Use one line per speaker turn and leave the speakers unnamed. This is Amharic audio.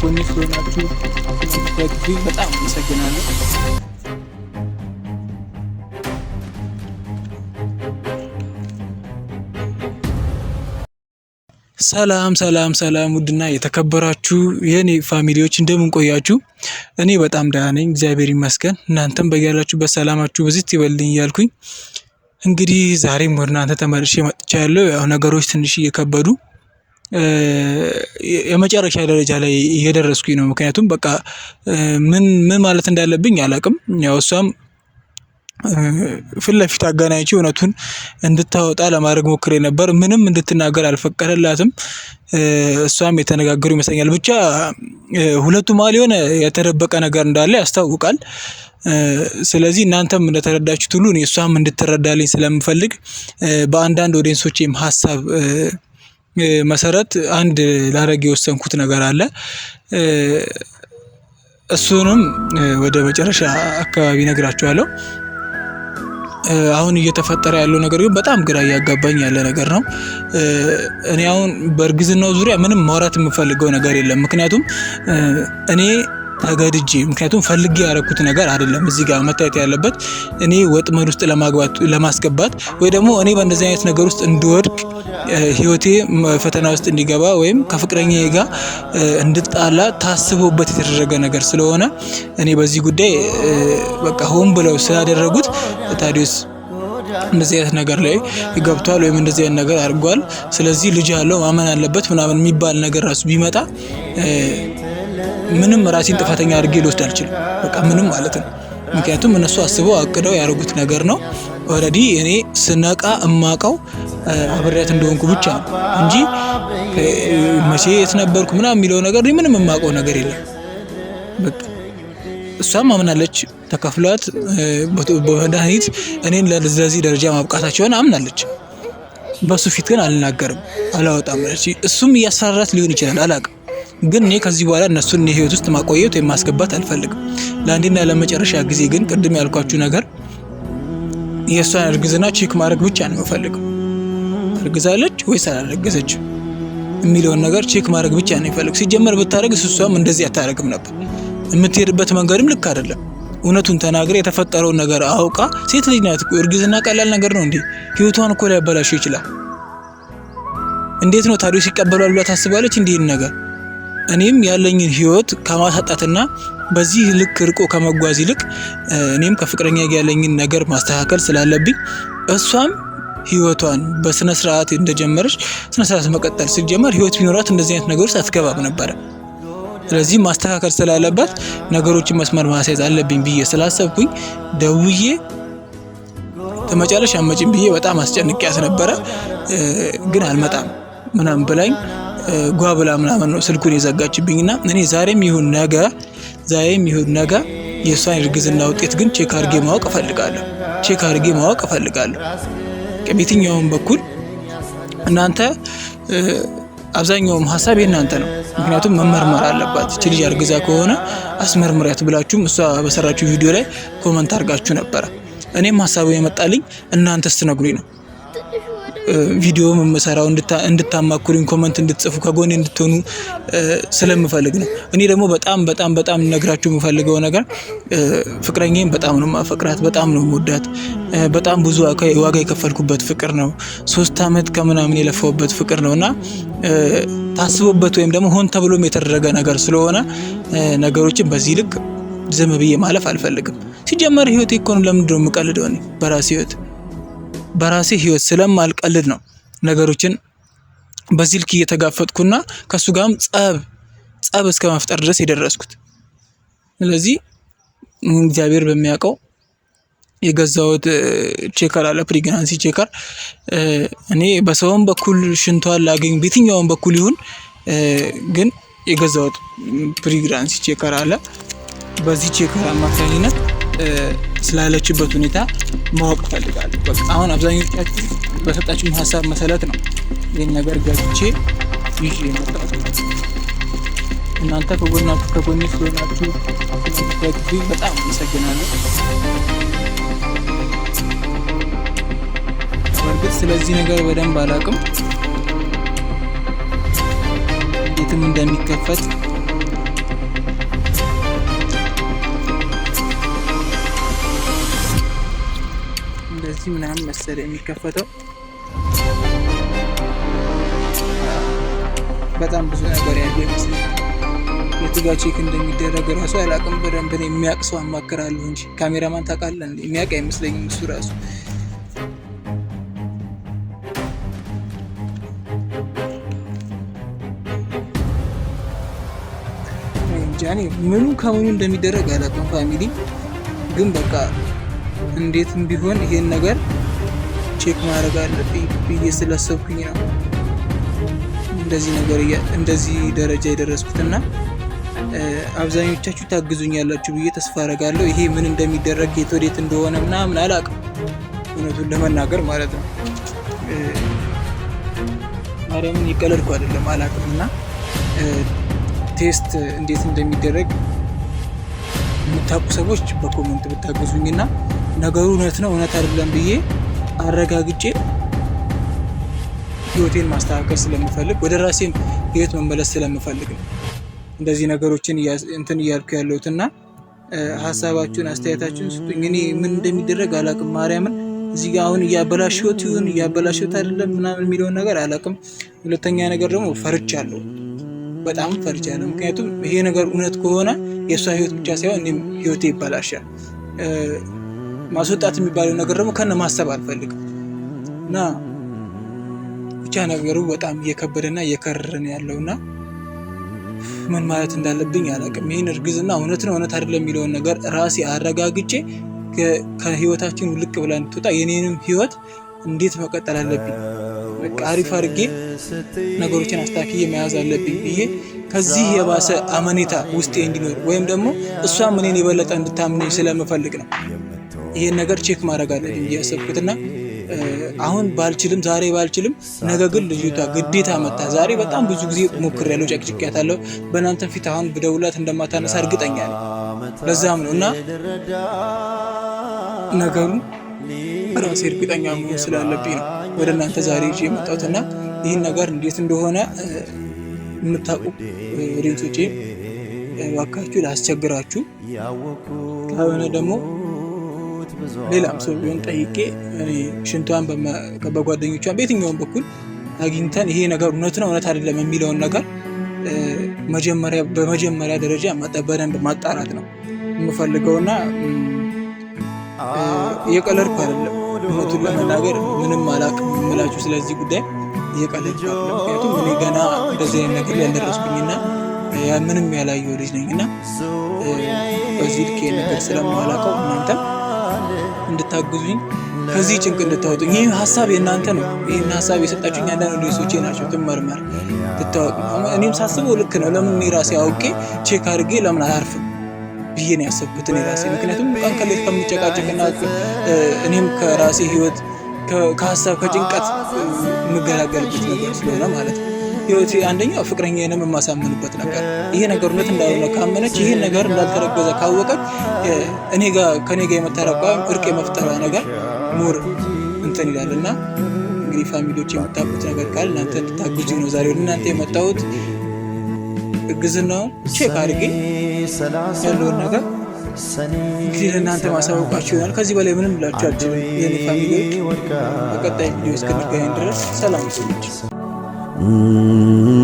ከጎን ስለሆናችሁ ደግፊ በጣም አመሰግናለሁ። ሰላም ሰላም ሰላም፣ ውድና የተከበራችሁ የኔ ፋሚሊዎች እንደምን ቆያችሁ? እኔ በጣም ደህና ነኝ፣ እግዚአብሔር ይመስገን። እናንተም በያላችሁበት ሰላማችሁ ብዝት ይበልኝ እያልኩኝ እንግዲህ ዛሬም ወደ እናንተ ተመልሼ መጥቻለሁ። ያው ነገሮች ትንሽ እየከበዱ የመጨረሻ ደረጃ ላይ እየደረስኩኝ ነው። ምክንያቱም በቃ ምን ምን ማለት እንዳለብኝ አላቅም ያው እሷም ፊት ለፊት አገናኝቼ እውነቱን እንድታወጣ ለማድረግ ሞክሬ ነበር። ምንም እንድትናገር አልፈቀደላትም። እሷም የተነጋገሩ ይመስለኛል። ብቻ ሁለቱ መሀል የሆነ የተደበቀ ነገር እንዳለ ያስታውቃል። ስለዚህ እናንተም እንደተረዳችሁት ሁሉ እኔ እሷም እንድትረዳልኝ ስለምፈልግ በአንዳንድ ኦዲየንሶቼም ሀሳብ መሰረት አንድ ላረግ የወሰንኩት ነገር አለ። እሱንም ወደ መጨረሻ አካባቢ እነግራችኋለሁ። አሁን እየተፈጠረ ያለው ነገር ግን በጣም ግራ እያጋባኝ ያለ ነገር ነው። እኔ አሁን በእርግዝናው ዙሪያ ምንም ማውራት የምፈልገው ነገር የለም። ምክንያቱም እኔ ተገድጄ ምክንያቱም ፈልጌ ያደረኩት ነገር አይደለም። እዚህ ጋር መታየት ያለበት እኔ ወጥመድ ውስጥ ለማግባት ለማስገባት ወይ ደግሞ እኔ በእንደዚህ አይነት ነገር ውስጥ እንድወድቅ ህይወቴ ፈተና ውስጥ እንዲገባ ወይም ከፍቅረኛ ጋር እንድጣላ ታስቦበት የተደረገ ነገር ስለሆነ እኔ በዚህ ጉዳይ በቃ ሆን ብለው ስላደረጉት ታዲስ እንደዚህ አይነት ነገር ላይ ገብቷል ወይም እንደዚህ አይነት ነገር አድርጓል። ስለዚህ ልጅ ያለው ማመን አለበት ምናምን የሚባል ነገር ራሱ ቢመጣ ምንም ራሴን ጥፋተኛ አድርጌ ልወስድ አልችልም። በቃ ምንም ማለት ነው። ምክንያቱም እነሱ አስበው አቅደው ያደረጉት ነገር ነው። ኦልሬዲ እኔ ስነቃ እማቀው አብሬያት እንደሆንኩ ብቻ ነው እንጂ መቼ የት ነበርኩ ምናምን የሚለው ነገር ምንም የማውቀው ነገር የለም። በቃ እሷም አምናለች፣ ተከፍሏት በመድኃኒት እኔን ለዚህ ደረጃ ማብቃታቸውን አምናለች። በሱ ፊት ግን አልናገርም፣ አላወጣም። እሱም እያስፈራራት ሊሆን ይችላል፣ አላውቅም ግን እኔ ከዚህ በኋላ እነሱን እኔ ህይወት ውስጥ ማቆየት ወይም ማስገባት አልፈልግም። ለአንዴና ለመጨረሻ ጊዜ ግን ቅድም ያልኳችሁ ነገር የእሷን እርግዝና ቼክ ማድረግ ብቻ ነው የምፈልገው። እርግዛለች ወይስ አላረገዘች የሚለውን ነገር ቼክ ማድረግ ብቻ ነው ይፈልግ። ሲጀመር ብታደረግ እሷም እንደዚህ አታደረግም ነበር። የምትሄድበት መንገድም ልክ አይደለም። እውነቱን ተናግር የተፈጠረውን ነገር አውቃ፣ ሴት ልጅ ናት። እርግዝና ቀላል ነገር ነው እንዴ? ህይወቷን እኮ ሊያበላሹ ይችላል። እንዴት ነው ታዲያ ሲቀበሏል ብላ ታስባለች? እንዲህን ነገር እኔም ያለኝን ህይወት ከማሳጣትና በዚህ ልክ ርቆ ከመጓዝ ይልቅ እኔም ከፍቅረኛ ያለኝን ነገር ማስተካከል ስላለብኝ እሷም ህይወቷን በስነ ስርዓት እንደጀመረች ስነ ስርዓት መቀጠል ሲጀመር ህይወት ቢኖራት እንደዚህ አይነት ነገሮች አትገባም ነበረ። ስለዚህ ማስተካከል ስላለባት ነገሮችን መስመር ማስያዝ አለብኝ ብዬ ስላሰብኩኝ ደውዬ ተመጫለሽ አመጭን ብዬ በጣም አስጨንቅያት ነበረ። ግን አልመጣም ምናምን ብላኝ ጓብላ ምናምን ነው ስልኩን የዘጋችብኝ እና እኔ ዛሬም ይሁን ነገ ዛሬም ይሁን ነገ የእሷን እርግዝና ውጤት ግን ቼክ አርጌ ማወቅ እፈልጋለሁ። ቼክ አርጌ ማወቅ እፈልጋለሁ። በየትኛውም በኩል እናንተ አብዛኛውም ሀሳብ የእናንተ ነው። ምክንያቱም መመርመር አለባት እች ልጅ አርግዛ ከሆነ አስመርምሪያት ብላችሁም እሷ በሰራችሁ ቪዲዮ ላይ ኮመንት አርጋችሁ ነበረ። እኔም ሀሳቡ የመጣልኝ እናንተ ስትነግሩኝ ነው። ቪዲዮ የምሰራው እንድታማክሩኝ፣ ኮመንት እንድትጽፉ፣ ከጎን እንድትሆኑ ስለምፈልግ ነው። እኔ ደግሞ በጣም በጣም በጣም ነግራችሁ የምፈልገው ነገር ፍቅረኛዬን በጣም ነው ማፈቅራት፣ በጣም ነው መወዳት በጣም ብዙ ዋጋ የከፈልኩበት ፍቅር ነው። ሶስት ዓመት ከምናምን የለፋውበት ፍቅር ነው እና ታስቦበት ወይም ደግሞ ሆን ተብሎም የተደረገ ነገር ስለሆነ ነገሮችን በዚህ ልክ ዝም ብዬ ማለፍ አልፈልግም። ሲጀመር ህይወቴ እኮ ነው። የምቀልደው? እኔ በራሴ ህይወት በራሴ ህይወት ስለማልቀልድ ነው ነገሮችን በዚህ ልክ እየተጋፈጥኩና ከእሱ ጋርም ጸብ ጸብ እስከ መፍጠር ድረስ የደረስኩት። ስለዚህ እግዚአብሔር በሚያውቀው የገዛሁት ቼከር አለ ፕሪግናንሲ ቼከር። እኔ በሰውም በኩል ሽንቷን ላገኝ በየትኛውም በኩል ይሁን ግን የገዛሁት ፕሪግናንሲ ቼከር አለ። በዚህ ቼከር አማካኝነት ስላለችበት ሁኔታ ማወቅ እፈልጋለሁ። አሁን አብዛኞቻችሁ በሰጣችሁ ሀሳብ መሰረት ነው ይህን ነገር ገብቼ ይዤ መጣሁ። እናንተ ከጎናችሁ ከጎኔ ስለሆናችሁ በጣም አመሰግናለሁ። በእርግጥ ስለዚህ ነገር በደንብ አላውቅም፣ የትም እንደሚከፈት በዚህ ምናምን መሰለ የሚከፈተው በጣም ብዙ ነገር ያለ ይመስላል። የቱጋ ቼክ እንደሚደረግ ራሱ አላቅም። በደንብ የሚያቅ ሰው አማክራለሁ እንጂ ካሜራማን ታውቃለህ፣ የሚያቅ አይመስለኝም እሱ ራሱ። ጃኔ ምኑ ከምኑ እንደሚደረግ አላቅም ፋሚሊ ግን በቃ እንዴትም ቢሆን ይሄን ነገር ቼክ ማድረግ አለብኝ ብዬ ስላሰብኩኝ ነው እንደዚህ ነገር እንደዚህ ደረጃ የደረስኩትና አብዛኞቻችሁ ታግዙኛላችሁ ብዬ ተስፋ አረጋለሁ። ይሄ ምን እንደሚደረግ የት ወዴት እንደሆነ ምናምን አላውቅም፣ እውነቱን ለመናገር ማለት ነው። ማርያምን ይቀለልኩ አይደለም፣ አላውቅም እና ቴስት እንዴት እንደሚደረግ የምታውቁ ሰዎች በኮመንት ብታግዙኝና ነገሩ እውነት ነው እውነት አይደለም ብዬ አረጋግጬ ህይወቴን ማስተካከል ስለምፈልግ ወደ ራሴም ህይወት መመለስ ስለምፈልግ ነው እንደዚህ ነገሮችን እንትን እያልኩ ያለሁት እና ሀሳባችሁን አስተያየታችሁን ስጡኝ። እኔ ምን እንደሚደረግ አላቅም። ማርያምን እዚህ ጋር አሁን እያበላሽወት ይሁን እያበላሽወት አይደለም ምናምን የሚለውን ነገር አላቅም። ሁለተኛ ነገር ደግሞ ፈርቻለሁ፣ በጣም ፈርቻለሁ። ምክንያቱም ይሄ ነገር እውነት ከሆነ የእሷ ህይወት ብቻ ሳይሆን እኔም ህይወቴ ይበላሻል። ማስወጣት የሚባለው ነገር ደግሞ ከነ ማሰብ አልፈልግም እና ብቻ ነገሩ በጣም እየከበደና እየከረረን ያለውና ምን ማለት እንዳለብኝ አላቅም። ይህን እርግዝና እውነት ነው እውነት አይደለም የሚለውን ነገር ራሴ አረጋግጬ ከህይወታችን ውልቅ ብላ እንድትወጣ የኔንም ህይወት እንዴት መቀጠል አለብኝ፣ በቃ አሪፍ አድርጌ ነገሮችን አስታክዬ መያዝ አለብኝ ብዬ ከዚህ የባሰ አመኔታ ውስጤ እንዲኖር ወይም ደግሞ እሷም እኔን የበለጠ እንድታምነኝ ስለምፈልግ ነው። ይሄን ነገር ቼክ ማድረግ አለብኝ እያሰብኩትና አሁን ባልችልም ዛሬ ባልችልም ነገ ግን ልጅቷ ግዴታ መታ ዛሬ በጣም ብዙ ጊዜ ሞክር ያለው ጨቅጭቅያት አለው በእናንተን ፊት አሁን ብደውላት እንደማታነሳ እርግጠኛ ነው። ለዛም ነው እና ነገሩን ራሴ እርግጠኛ መሆን ስላለብኝ ነው ወደ እናንተ ዛሬ ይዤ የመጣሁትና ይህን ነገር እንዴት እንደሆነ የምታውቁ ሬንሶቼ ዋካችሁ ላስቸግራችሁ ከሆነ ደግሞ ሌላም ሰው ቢሆን ጠይቄ ሽንቷን በጓደኞቿን በየትኛውም በኩል አግኝተን ይሄ ነገር እውነት ነው እውነት አይደለም የሚለውን ነገር በመጀመሪያ ደረጃ በደንብ ማጣራት ነው የምፈልገውና እየቀለድኩ አይደለም። እውነቱን ለመናገር ምንም አላውቅም የምላችሁ ስለዚህ ጉዳይ እየቀለድኩ አይደለም። ምክንያቱም እኔ ገና እንደዚህ አይነት ነገር ያልደረስኩኝና ምንም ያላየው ልጅ ነኝ እና በዚህ ልክ ነገር ስለማላውቀው እናንተም እንድታግዙኝ ከዚህ ጭንቅ እንድታወጡኝ። ይህ ሀሳብ የእናንተ ነው። ይህን ሀሳብ የሰጣችሁኝ አንዳንድ ልጆቼ ናቸው። ትመርመር፣ ትታወቅ። እኔም ሳስበው ልክ ነው። ለምን እኔ ራሴ አውቄ ቼክ አድርጌ ለምን አያርፍም ብዬ ነው ያሰብኩት እኔ ራሴ። ምክንያቱም ቀን ከሌት ከምጨቃጨቅና እኔም ከራሴ ህይወት ከሀሳብ ከጭንቀት የምገላገልበት ነገር ስለሆነ ማለት ነው። ህይወቴ አንደኛው ፍቅረኛዬንም የማሳምንበት ነበር። ይሄ ነገር እውነት እንዳልሆነ ካመነች፣ ይህን ነገር እንዳልተረገዘ ካወቀች፣ እኔ ጋ ከኔ ጋ የመታረቋ እርቅ የመፍጠሯ ነገር ሙር እንትን ይላል እና እንግዲህ ፋሚሊዎች የምታውቁት ነገር ካል እናንተ እንድታግዙ ነው ዛሬ ወደ እናንተ የመጣሁት። እግዝናውን ቼክ አድርጌ ያለውን ነገር እንግዲህ ለእናንተ ማሳወቃችሁ ይሆናል። ከዚህ በላይ ምንም ብላችሁ አልችልም። የኔ ፋሚሊዎች በቀጣይ ቪዲዮ እስክንገናኝ ድረስ ሰላም ስሉች Mm-hmm.